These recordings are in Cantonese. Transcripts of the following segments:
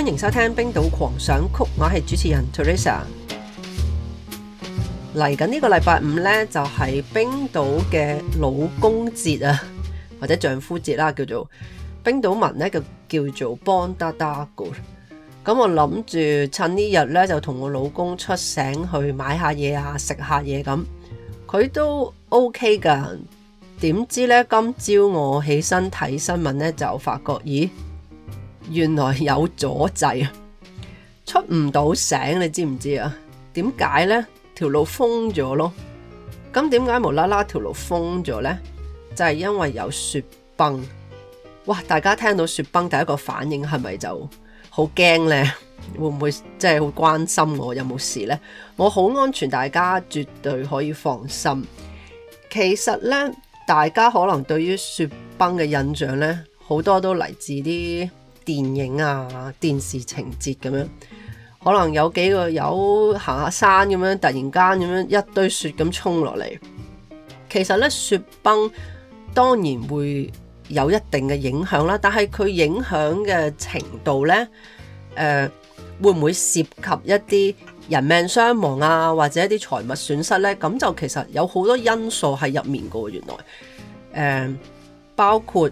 歡迎收聽冰島狂想曲，我係主持人 Teresa。嚟緊呢個禮拜五呢，就係、是、冰島嘅老公節啊，或者丈夫節啦、啊，叫做冰島文呢，叫叫做 Bondagur 咁、嗯、我諗住趁呢日呢，就同我老公出醒去買下嘢啊，食下嘢咁。佢都 OK 噶，點知呢，今朝我起身睇新聞呢，就發覺，咦？原來有阻滯啊，出唔到城，你知唔知啊？點解呢？條路封咗咯。咁點解無啦啦條路封咗呢？就係因為有雪崩。哇！大家聽到雪崩第一個反應係咪就好驚呢？會唔會即係好關心我有冇事呢？我好安全，大家絕對可以放心。其實呢，大家可能對於雪崩嘅印象呢，好多都嚟自啲，電影啊，電視情節咁樣，可能有幾個有行下山咁樣，突然間咁樣一堆雪咁衝落嚟。其實呢，雪崩當然會有一定嘅影響啦，但係佢影響嘅程度呢，誒，呃，會唔會涉及一啲人命傷亡啊，或者一啲財物損失呢？咁就其實有好多因素喺入面噶，原來，呃，包括。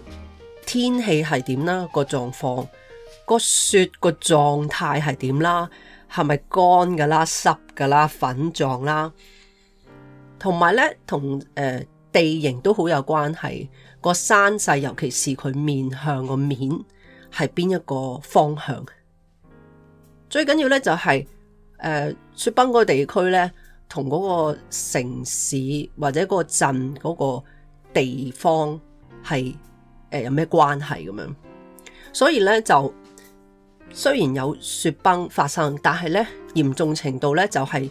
天氣係點啦？個狀況，個雪個狀態係點啦？係咪乾噶啦、濕噶啦、粉狀啦？同埋咧，同誒、呃、地形都好有關係。個山勢，尤其是佢面向個面係邊一個方向。最緊要咧就係、是，誒、呃、雪崩嗰個地區咧，同嗰個城市或者個鎮嗰個地方係。誒、呃、有咩關係咁樣？所以咧就雖然有雪崩發生，但係咧嚴重程度咧就係、係、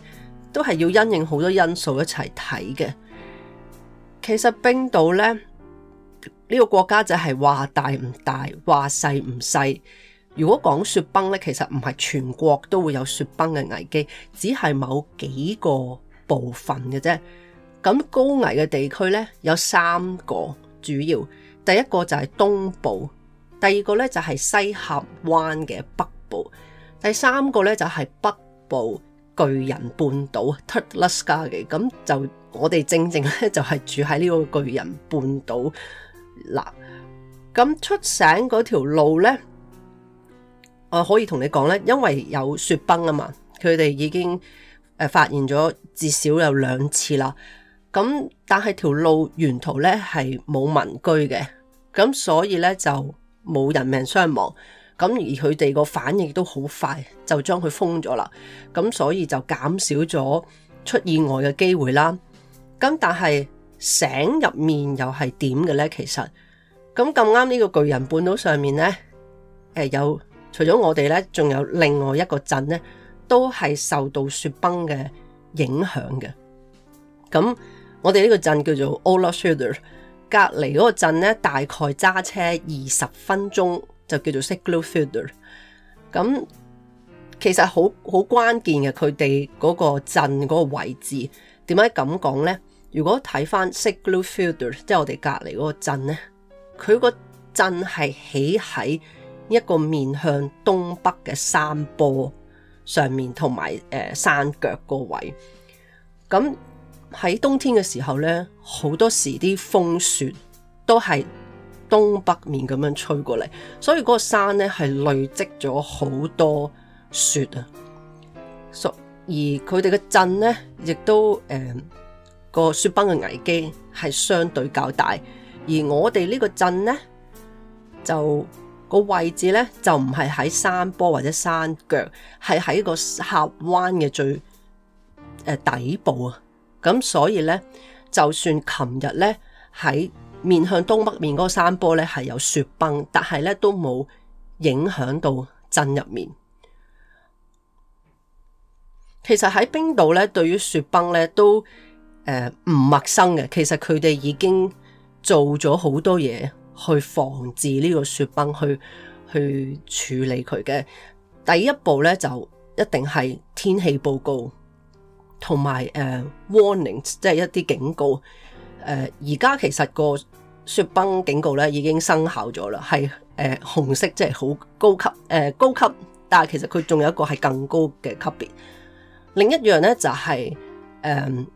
都係要因應好多因素一齊睇嘅。其實冰島咧呢、呢個國家就係話大唔大，話細唔細。如果講雪崩咧，其實唔係全國都會有雪崩嘅危機，只係某幾個部分嘅啫。咁高危嘅地區咧有三個主要。第一個就係東部，第二個咧就係西峽灣嘅北部，第三個咧就係北部巨人半島 （Tatlaska） 嘅，咁就我哋正正咧就係住喺呢個巨人半島嗱。咁出省嗰條路咧，我可以同你講咧，因為有雪崩啊嘛，佢哋已經誒發現咗至少有兩次啦。咁但係條路沿途咧係冇民居嘅，咁所以咧就冇人命傷亡，咁而佢哋個反應都好快，就將佢封咗啦，咁所以就減少咗出意外嘅機會啦。咁但係城入面又係點嘅咧？其實咁咁啱呢個巨人半島上面咧，誒、呃、有除咗我哋咧，仲有另外一個鎮咧，都係受到雪崩嘅影響嘅。咁，我哋呢個鎮叫做 Ólafsfjörður，隔籬嗰個鎮咧，大概揸車二十分鐘就叫做 Siglufjörður。咁其實好好關鍵嘅，佢哋嗰個鎮嗰個位置點解咁講咧？如果睇翻 Siglufjörður，即係我哋隔籬嗰個鎮咧，佢個鎮係起喺一個面向東北嘅山坡上面，同埋誒山腳個位。咁喺冬天嘅時候咧，好多時啲風雪都係東北面咁樣吹過嚟，所以嗰個山咧係累積咗好多雪啊。所、so, 而佢哋嘅鎮咧，亦都誒個、嗯、雪崩嘅危機係相對較大，而我哋呢個鎮咧就、嗰個位置咧就唔係喺山坡或者山腳，係喺個峽灣嘅最誒、呃、底部啊。咁所以呢，就算琴日呢，喺面向東北面嗰個山坡呢係有雪崩，但係呢都冇影響到鎮入面。其實喺冰島呢，對於雪崩呢都誒唔、呃、陌生嘅。其實佢哋已經做咗好多嘢去防治呢個雪崩，去去處理佢嘅。第一步呢，就一定係天氣報告。同埋誒 warning，即係一啲警告。誒而家其實個雪崩警告咧已經生效咗啦，係誒、呃、紅色，即係好高級誒、呃、高級。但係其實佢仲有一個係更高嘅級別。另一樣咧就係、是、誒，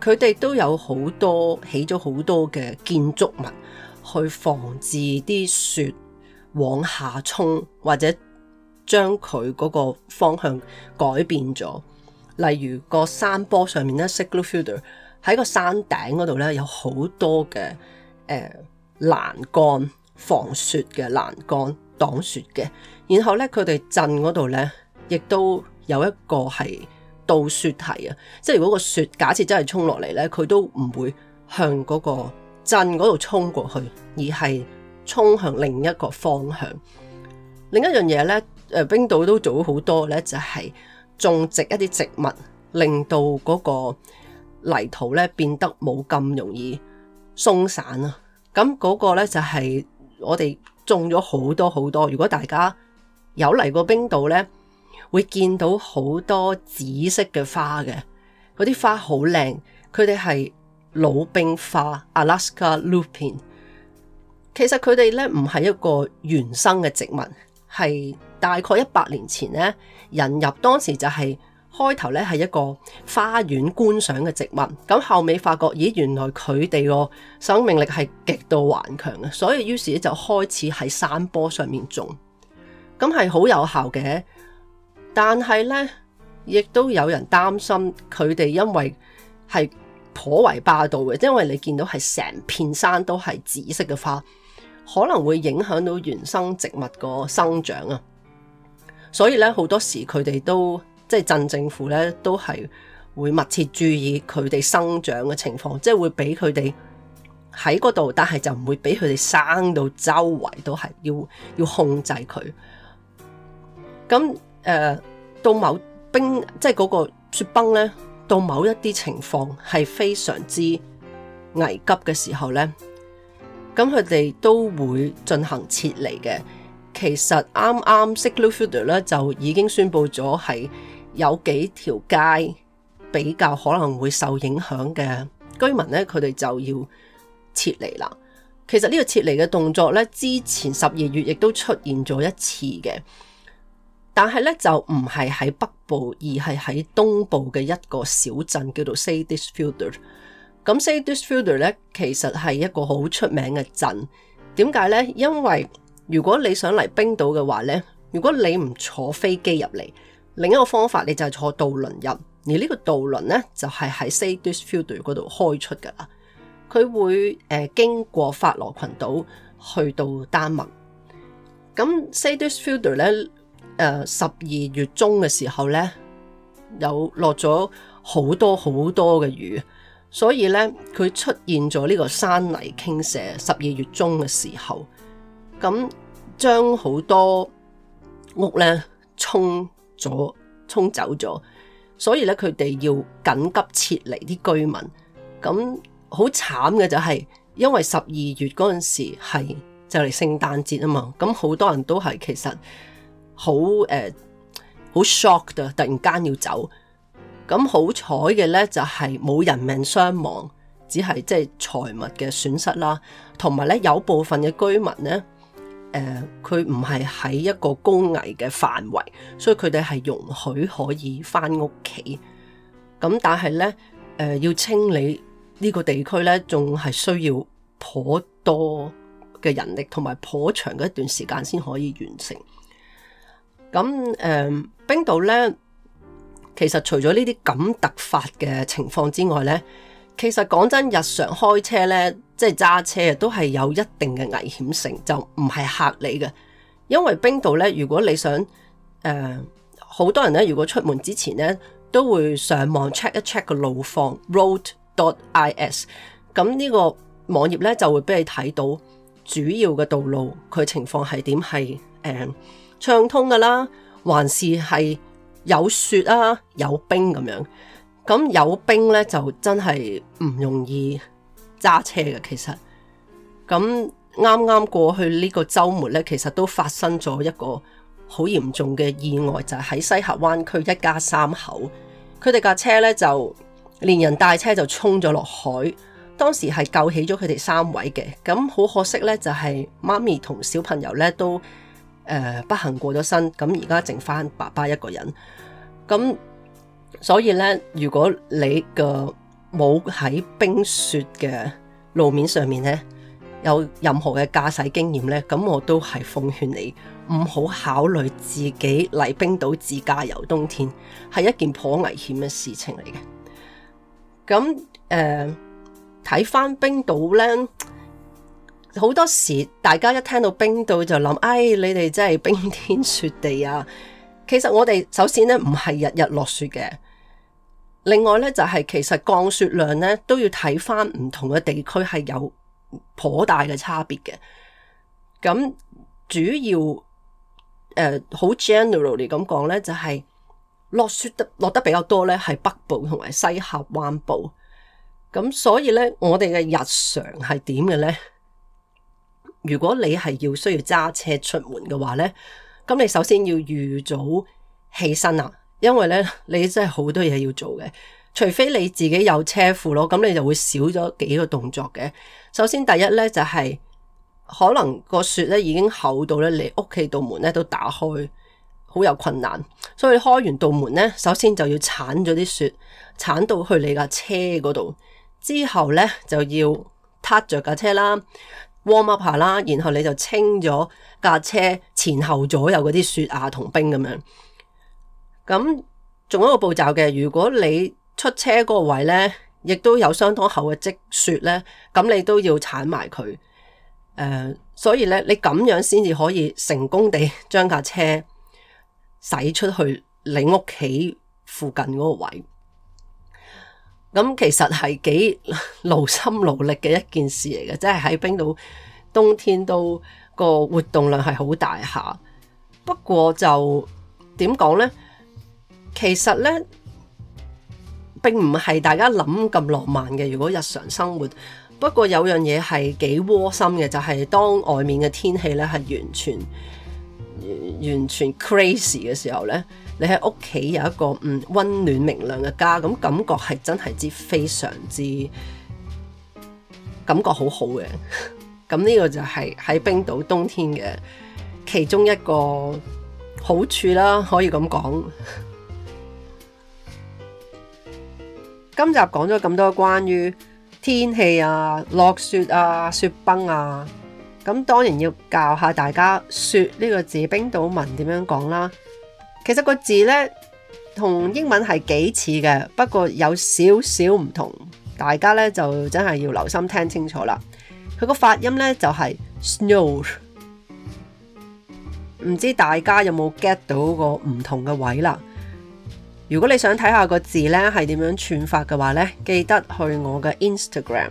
佢、呃、哋都有好多起咗好多嘅建築物去防止啲雪往下衝，或者將佢嗰個方向改變咗。例如個山坡上面咧，Siglufjörður 喺個山頂嗰度咧，有好多嘅誒，欄杆，防雪嘅欄杆，擋雪嘅。然後咧，佢哋鎮嗰度咧，亦都有一個係導雪堤啊。即係如果個雪假設真係衝落嚟咧，佢都唔會向嗰個鎮嗰度衝過去，而係衝向另一個方向。另一樣嘢咧，誒冰島都做咗好多咧，就係、是。種植一啲植物，令到嗰個泥土咧變得冇咁容易鬆散啊。咁嗰個咧就係、是、我哋種咗好多好多。如果大家有嚟過冰島咧，會見到好多紫色嘅花嘅，嗰啲花好靚，佢哋係魯冰花 （Alaska Lupin）。其實佢哋咧唔係一個原生嘅植物。係大概一百年前咧，引入當時就係開頭咧係一個花園觀賞嘅植物，咁後尾發覺，咦，原來佢哋個生命力係極度頑強嘅，所以於是就開始喺山坡上面種，咁係好有效嘅。但係咧，亦都有人擔心佢哋因為係頗為霸道嘅，因為你見到係成片山都係紫色嘅花。可能會影響到原生植物個生長啊，所以咧，好多時佢哋都即係鎮政府咧都係會密切注意佢哋生長嘅情況，即係會俾佢哋喺嗰度，但係就唔會俾佢哋生到周圍都係，要要控制佢。咁誒、呃、到某冰即係嗰個雪崩咧，到某一啲情況係非常之危急嘅時候咧。咁佢哋都會進行撤離嘅。其實啱啱 Siglufjörður 咧就已經宣布咗係有幾條街比較可能會受影響嘅居民咧，佢哋就要撤離啦。其實呢個撤離嘅動作咧，之前十二月亦都出現咗一次嘅，但係咧就唔係喺北部，而係喺東部嘅一個小鎮叫做 Seyðisfjörður。咁 Sedisfield 咧，其實係一個好出名嘅鎮。點解咧？因為如果你想嚟冰島嘅話咧，如果你唔坐飛機入嚟，另一個方法你就係坐渡輪入。而這個輪呢個渡輪咧，就係喺 Sedisfield 嗰度開出噶啦。佢會誒、呃、經過法羅群島去到丹麥。咁 Sedisfield 咧，誒十二月中嘅時候咧，有落咗好多好多嘅雨。所以咧，佢出現咗呢個山泥傾瀉，十二月中嘅時候，咁將好多屋咧沖咗、沖走咗，所以咧，佢哋要緊急撤離啲居民。咁好慘嘅就係、是，因為十二月嗰陣時係就嚟、是、聖誕節啊嘛，咁好多人都係其實好好、uh, shock 嘅，突然間要走。咁好彩嘅咧，就係冇人命傷亡，只係即係財物嘅損失啦。同埋咧，有部分嘅居民咧，誒、呃，佢唔係喺一個高危嘅範圍，所以佢哋係容許可以翻屋企。咁但係咧，誒、呃，要清理呢個地區咧，仲係需要頗多嘅人力，同埋頗長嘅一段時間先可以完成。咁誒、呃，冰島咧。其實除咗呢啲咁突發嘅情況之外呢，其實講真，日常開車呢，即係揸車都係有一定嘅危險性，就唔係嚇你嘅。因為冰島呢，如果你想誒，好、呃、多人呢，如果出門之前呢，都會上網 check 一 check 個路況 road dot is，咁呢個網頁呢，就會俾你睇到主要嘅道路佢情況係點，係誒暢通噶啦，還是係。有雪啊，有冰咁、啊、樣，咁有冰咧就真係唔容易揸車嘅。其實咁啱啱過去呢個周末咧，其實都發生咗一個好嚴重嘅意外，就係、是、喺西峽灣區一家三口，佢哋架車咧就連人帶車就衝咗落海。當時係救起咗佢哋三位嘅，咁好可惜咧就係、是、媽咪同小朋友咧都。誒、呃，不幸過咗身，咁而家剩翻爸爸一個人，咁所以呢，如果你個冇喺冰雪嘅路面上面呢，有任何嘅駕駛經驗呢，咁我都係奉勸你唔好考慮自己嚟冰島自駕遊冬天，係一件頗危險嘅事情嚟嘅。咁誒、睇、呃、翻冰島呢。好多時大家一聽到冰島就諗，哎，你哋真係冰天雪地啊！其實我哋首先咧唔係日日落雪嘅，另外咧就係、是、其實降雪量咧都要睇返唔同嘅地區，係有頗大嘅差別嘅。咁主要誒、好、呃、generally 咁講咧，就係、是、落雪得落得比較多咧，係北部同埋西峽灣部。咁所以咧，我哋嘅日常係點嘅咧？如果你係要需要揸車出門嘅話咧，咁你首先要預早起身呀，因為咧你真係好多嘢要做嘅，除非你自己有車庫咯，咁你就會少咗幾個動作嘅。首先，第一咧就係、是、可能個雪咧已經厚到咧，你屋企道門咧都打開好有困難，所以開完道門咧，首先就要鏟咗啲雪，鏟到去你架車嗰度，之後咧就要撻着架車啦。warm up 下啦，然後你就清咗架車前後左右嗰啲雪啊同冰咁樣。咁仲有一個步驟嘅，如果你出車嗰個位呢，亦都有相當厚嘅積雪呢，咁你都要鏟埋佢。誒、呃，所以呢，你咁樣先至可以成功地將架車駛出去你屋企附近嗰個位。咁其實係幾勞心勞力嘅一件事嚟嘅，即係喺冰島冬天都個活動量係好大下，不過就點講呢？其實呢並唔係大家諗咁浪漫嘅，如果日常生活。不過有樣嘢係幾窩心嘅，就係當外面嘅天氣呢係完全。完全 crazy 嘅時候呢，你喺屋企有一個嗯溫暖明亮嘅家，咁感覺係真係之非常之感覺好好嘅。咁呢個就係喺冰島冬天嘅其中一個好處啦，可以咁講。 今集講咗咁多關於天氣啊、落雪啊、雪崩啊。咁當然要教下大家説呢個字冰島文點樣講啦。其實個字呢，同英文係幾似嘅，不過有少少唔同。大家呢，就真係要留心聽清楚啦。佢個發音呢，就係、是、snow。唔知大家有冇 get 到個唔同嘅位啦？如果你想睇下個字呢係點樣串法嘅話呢，記得去我嘅 Instagram。